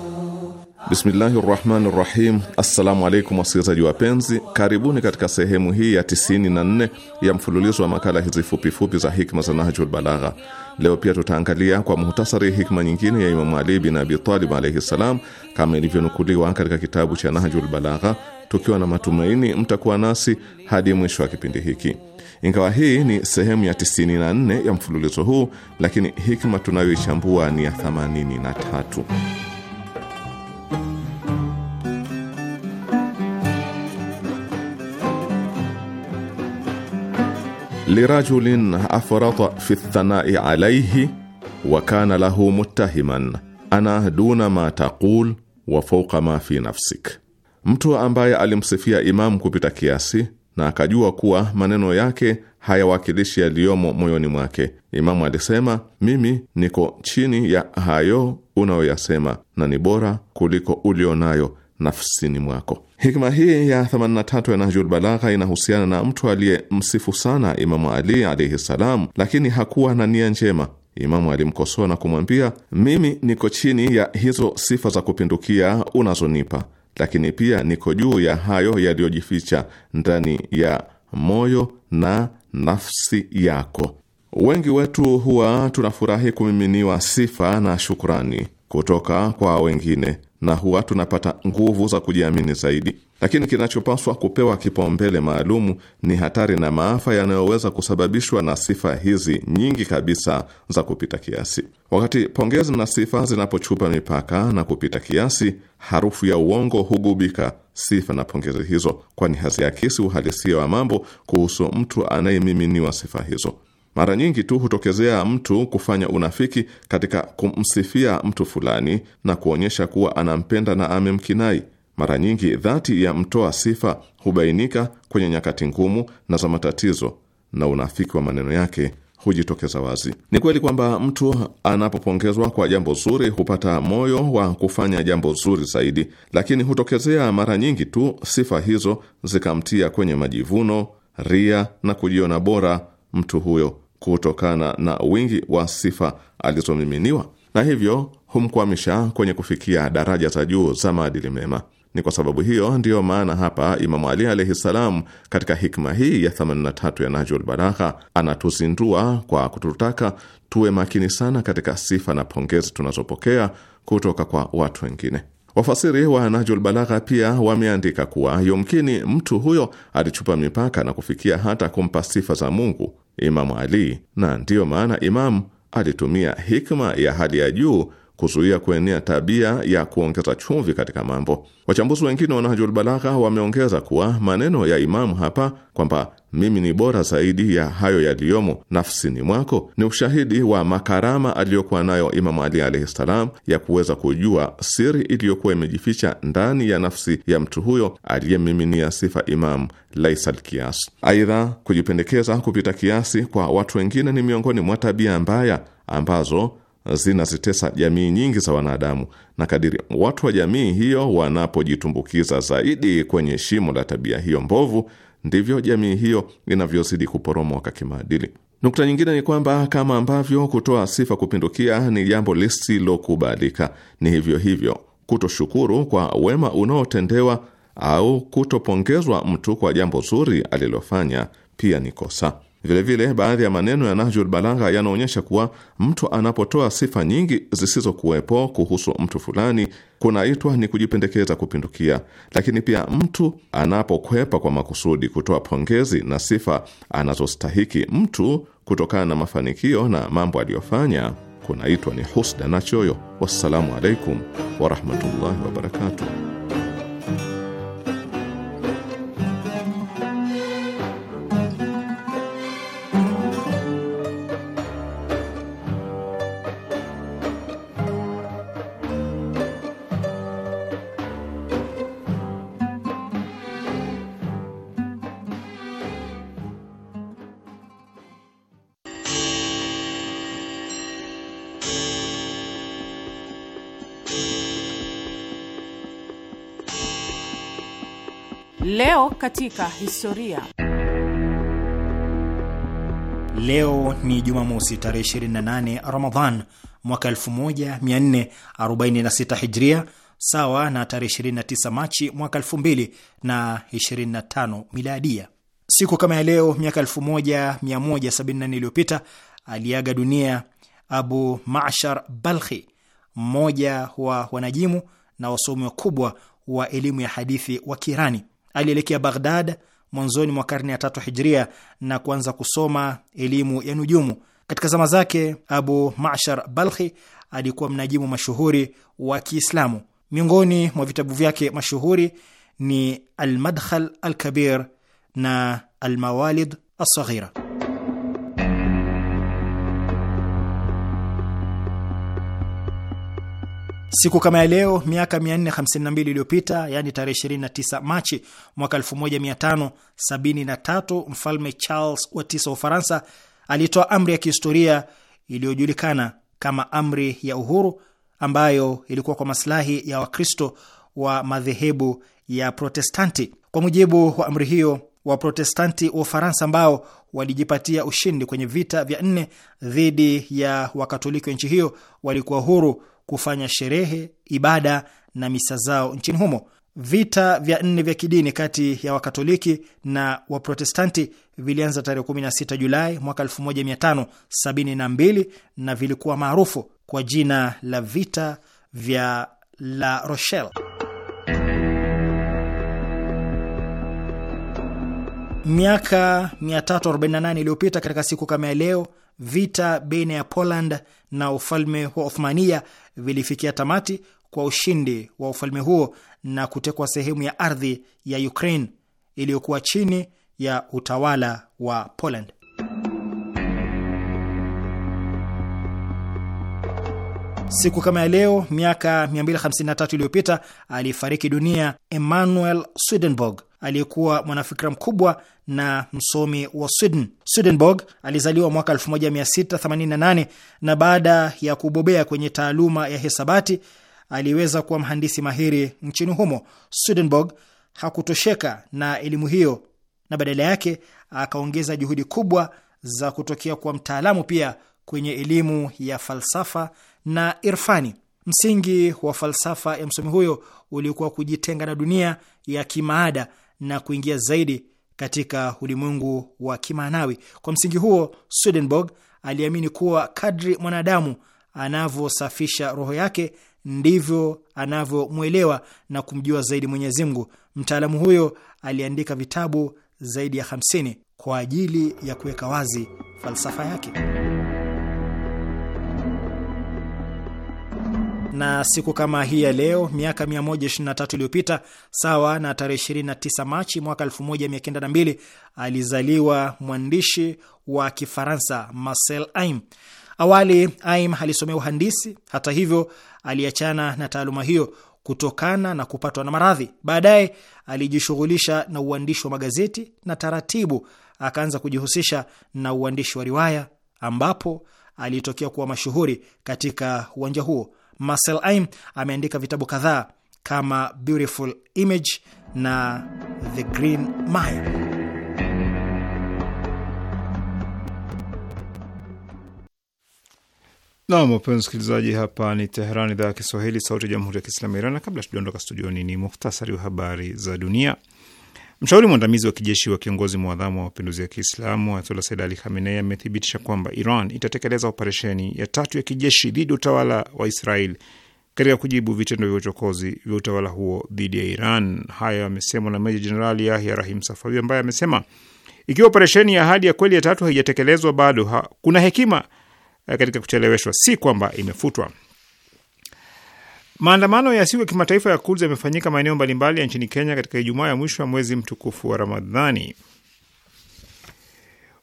Bismillahi rahmani rahim. Assalamu alaikum wasikilizaji wapenzi, karibuni katika sehemu hii ya 94 ya mfululizo wa makala hizi fupifupi za hikma za Nahjul Balagha. Leo pia tutaangalia kwa muhtasari hikma nyingine ya Imamu Ali bin Abi Talib alaihi ssalam, kama ilivyonukuliwa katika kitabu cha Nahjul Balagha tukiwa na matumaini mtakuwa nasi hadi mwisho wa kipindi hiki. Ingawa hii ni sehemu ya 94 ya mfululizo huu, lakini hikma tunayoichambua ni ya 83. lirajulin afrata fi thanai alaihi wa kana lahu muttahiman ana duna ma taqul wa fauqa ma fi nafsik Mtu ambaye alimsifia Imamu kupita kiasi na akajua kuwa maneno yake hayawakilishi yaliyomo moyoni mwake, Imamu alisema, mimi niko chini ya hayo unayoyasema na ni bora kuliko ulionayo nafsini mwako. Hikma hii ya 83 ya Nahjul Balagha inahusiana na mtu aliyemsifu sana Imamu Ali alaihi ssalam, lakini hakuwa na nia njema. Imamu alimkosoa na kumwambia, mimi niko chini ya hizo sifa za kupindukia unazonipa lakini pia niko juu ya hayo yaliyojificha ndani ya moyo na nafsi yako. Wengi wetu huwa tunafurahi kumiminiwa sifa na shukrani kutoka kwa wengine, na huwa tunapata nguvu za kujiamini zaidi lakini kinachopaswa kupewa kipaumbele maalumu ni hatari na maafa yanayoweza kusababishwa na sifa hizi nyingi kabisa za kupita kiasi. Wakati pongezi na sifa zinapochupa mipaka na kupita kiasi, harufu ya uongo hugubika sifa na pongezi hizo, kwani haziakisi uhalisia wa mambo kuhusu mtu anayemiminiwa sifa hizo. Mara nyingi tu hutokezea mtu kufanya unafiki katika kumsifia mtu fulani na kuonyesha kuwa anampenda na amemkinai mara nyingi dhati ya mtoa sifa hubainika kwenye nyakati ngumu na za matatizo, na unafiki wa maneno yake hujitokeza wazi. Ni kweli kwamba mtu anapopongezwa kwa jambo zuri hupata moyo wa kufanya jambo zuri zaidi, lakini hutokezea mara nyingi tu sifa hizo zikamtia kwenye majivuno, ria na kujiona bora mtu huyo kutokana na wingi wa sifa alizomiminiwa, na hivyo humkwamisha kwenye kufikia daraja za juu za maadili mema. Ni kwa sababu hiyo ndiyo maana hapa Imamu Ali alaihi salam katika hikma hii ya 83 ya Najul Balagha anatuzindua kwa kututaka tuwe makini sana katika sifa na pongezi tunazopokea kutoka kwa watu wengine. Wafasiri wa Najul Balagha pia wameandika kuwa yumkini mtu huyo alichupa mipaka na kufikia hata kumpa sifa za Mungu Imamu Ali, na ndiyo maana Imamu alitumia hikma ya hali ya juu kuzuia kuenea tabia ya kuongeza chumvi katika mambo. Wachambuzi wengine wa Nahjul Balagha wameongeza kuwa maneno ya Imamu hapa kwamba mimi ni bora zaidi ya hayo yaliyomo nafsini mwako ni ushahidi wa makarama aliyokuwa nayo Imamu Ali alaihi ssalam ya kuweza kujua siri iliyokuwa imejificha ndani ya nafsi ya mtu huyo aliyemiminia sifa Imamu laisal kias. Aidha, kujipendekeza kupita kiasi kwa watu wengine ni miongoni mwa tabia mbaya ambazo zinazitesa jamii nyingi za wanadamu, na kadiri watu wa jamii hiyo wanapojitumbukiza zaidi kwenye shimo la tabia hiyo mbovu, ndivyo jamii hiyo inavyozidi kuporomoka kimaadili. Nukta nyingine ni kwamba kama ambavyo kutoa sifa kupindukia ni jambo lisilokubalika, ni hivyo hivyo kutoshukuru kwa wema unaotendewa au kutopongezwa mtu kwa jambo zuri alilofanya pia ni kosa. Vilevile vile, baadhi ya maneno ya Nahjul Balagha yanaonyesha kuwa mtu anapotoa sifa nyingi zisizokuwepo kuhusu mtu fulani kunaitwa ni kujipendekeza kupindukia, lakini pia mtu anapokwepa kwa makusudi kutoa pongezi na sifa anazostahiki mtu kutokana na mafanikio na mambo aliyofanya kunaitwa ni husda na choyo. Wassalamu alaikum warahmatullahi wabarakatuh. katika historia. Leo ni Jumamosi tarehe 28 Ramadhan mwaka 1446 Hijria, sawa na tarehe 29 Machi mwaka 2025 Miladia. Siku kama ya leo miaka 1174 iliyopita aliaga dunia Abu Mashar Balkhi, mmoja wa wanajimu na wasomi wakubwa wa elimu ya hadithi wa Kirani. Alielekea Baghdad mwanzoni mwa karne ya tatu hijria na kuanza kusoma elimu ya nujumu. Katika zama zake, Abu Mashar Balkhi alikuwa mnajimu mashuhuri wa Kiislamu. Miongoni mwa vitabu vyake mashuhuri ni Almadkhal Alkabir na Almawalid Alsaghira. Siku kama ya leo miaka 452 iliyopita, yani tarehe 29 Machi mwaka 1573, mfalme Charles wa tisa wa Ufaransa alitoa amri ya kihistoria iliyojulikana kama amri ya uhuru, ambayo ilikuwa kwa maslahi ya Wakristo wa madhehebu ya Protestanti. Kwa mujibu wa amri hiyo, Waprotestanti wa Ufaransa ambao walijipatia ushindi kwenye vita vya nne dhidi ya Wakatoliki wa nchi hiyo walikuwa huru kufanya sherehe, ibada na misa zao nchini humo. Vita vya nne vya kidini kati ya Wakatoliki na Waprotestanti vilianza tarehe 16 Julai mwaka 1572 na vilikuwa maarufu kwa jina la vita vya La Rochelle. Miaka 348 iliyopita katika siku kama ya leo vita baina ya Poland na ufalme wa Othmania vilifikia tamati kwa ushindi wa ufalme huo na kutekwa sehemu ya ardhi ya Ukraine iliyokuwa chini ya utawala wa Poland. Siku kama ya leo miaka 253 iliyopita alifariki dunia Emmanuel Swedenborg, aliyekuwa mwanafikira mkubwa na msomi wa Sweden. Swedenborg alizaliwa mwaka 1688 na baada ya kubobea kwenye taaluma ya hesabati aliweza kuwa mhandisi mahiri nchini humo. Swedenborg hakutosheka na elimu hiyo na badala yake akaongeza juhudi kubwa za kutokea kuwa mtaalamu pia kwenye elimu ya falsafa na irfani. Msingi wa falsafa ya msomi huyo ulikuwa kujitenga na dunia ya kimaada na kuingia zaidi katika ulimwengu wa kimaanawi. Kwa msingi huo, Swedenborg aliamini kuwa kadri mwanadamu anavyosafisha roho yake ndivyo anavyomwelewa na kumjua zaidi Mwenyezi Mungu. Mtaalamu huyo aliandika vitabu zaidi ya 50 kwa ajili ya kuweka wazi falsafa yake. na siku kama hii ya leo miaka 123 iliyopita, sawa na tarehe 29 Machi mwaka 1902, alizaliwa mwandishi wa Kifaransa Marcel Aim. Awali Aim alisomea uhandisi. Hata hivyo, aliachana na taaluma hiyo kutokana na kupatwa na maradhi. Baadaye alijishughulisha na uandishi wa magazeti na taratibu akaanza kujihusisha na uandishi wa riwaya ambapo alitokea kuwa mashuhuri katika uwanja huo. Marcel Aim ameandika vitabu kadhaa kama Beautiful Image na The Green Mile. Nam, wapenzi msikilizaji, hapa ni Teheran, idhaa ya Kiswahili, sauti ya jamhuri ya kiislamu ya Iran. Na kabla tujaondoka studioni, ni muhtasari wa habari za dunia. Mshauri mwandamizi wa kijeshi wa kiongozi mwadhamu wa mapinduzi ya Kiislamu Ayatullah Said Ali Khamenei amethibitisha kwamba Iran itatekeleza operesheni ya tatu ya kijeshi dhidi ya utawala wa Israel katika kujibu vitendo vya uchokozi vya utawala huo dhidi ya Iran. Hayo amesemwa na Meja Jenerali Yahya Rahim Safawi ambaye amesema ikiwa operesheni ya ahadi ya kweli ya tatu haijatekelezwa bado ha, kuna hekima eh, katika kucheleweshwa, si kwamba imefutwa. Maandamano ya siku ya kimataifa ya Quds yamefanyika maeneo mbalimbali ya nchini Kenya katika Ijumaa ya mwisho wa mwezi mtukufu wa Ramadhani.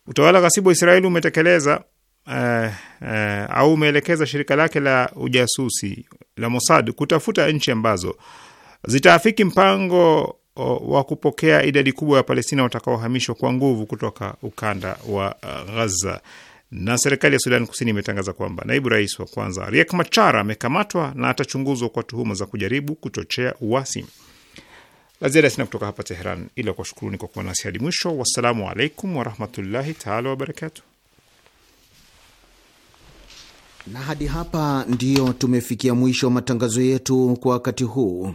Utawala ghasibu wa Israeli umetekeleza uh, uh, au umeelekeza shirika lake la ujasusi la Mossad kutafuta nchi ambazo zitaafiki mpango wa kupokea idadi kubwa ya Palestina watakaohamishwa kwa nguvu kutoka ukanda wa eh, Gaza. Na serikali ya Sudan Kusini imetangaza kwamba naibu rais wa kwanza Riek Machar amekamatwa na atachunguzwa kwa tuhuma za kujaribu kuchochea uasi. La ziada sina kutoka hapa Teheran, ila kuwashukuruni kwa kuwa nasi hadi mwisho. Wassalamu alaikum warahmatullahi taala wabarakatu Na hadi hapa ndiyo tumefikia mwisho wa matangazo yetu kwa wakati huu.